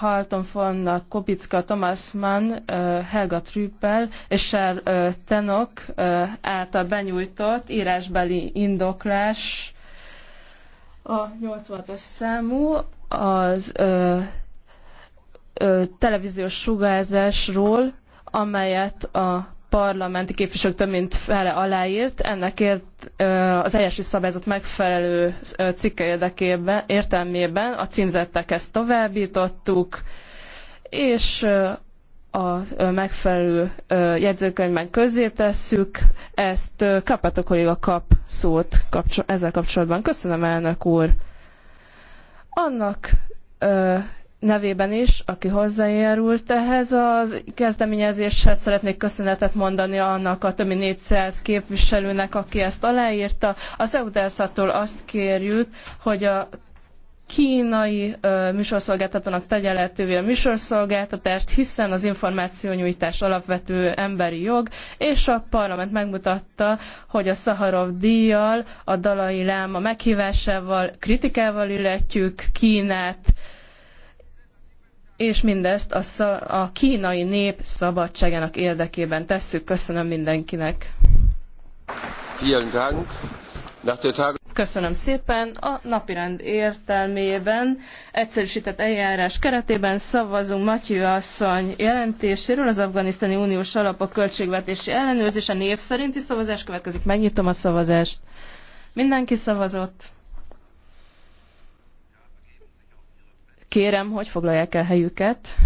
Halton von Kopicka, Thomas Mann, Helga Trüppel és Sár Tenok által benyújtott írásbeli indoklás a 86-os számú az ö, ö, televíziós sugárzásról, amelyet a parlamenti képviselők több mint fele aláírt. Ennek ért az eljárási szabályzat megfelelő cikke érdekében, értelmében a címzettek ezt továbbítottuk, és a megfelelő jegyzőkönyvben tesszük. Ezt hogy a kap szót ezzel kapcsolatban. Köszönöm, elnök úr! Annak nevében is, aki hozzájárult ehhez a kezdeményezéshez. Szeretnék köszönetet mondani annak a többi 400 képviselőnek, aki ezt aláírta. Az EUDELSZ-tól azt kérjük, hogy a kínai műsorszolgáltatónak tegye lehetővé a műsorszolgáltatást, hiszen az információnyújtás alapvető emberi jog, és a parlament megmutatta, hogy a Szaharov díjjal, a Dalai Láma meghívásával, kritikával illetjük Kínát, és mindezt a, a kínai nép szabadságának érdekében tesszük. Köszönöm mindenkinek. Köszönöm szépen. A napirend értelmében egyszerűsített eljárás keretében szavazunk Matyő asszony jelentéséről az Afganisztáni Uniós alap a költségvetési ellenőrzés a név szerinti szavazás következik. Megnyitom a szavazást. Mindenki szavazott. Kérem, hogy foglalják el helyüket.